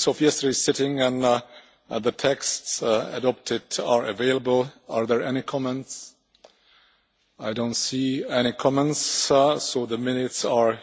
sophia yesterday's sitting and uh, uh, the texts uh, adopted are available. are there any comments? i don't see any comments so the minutes are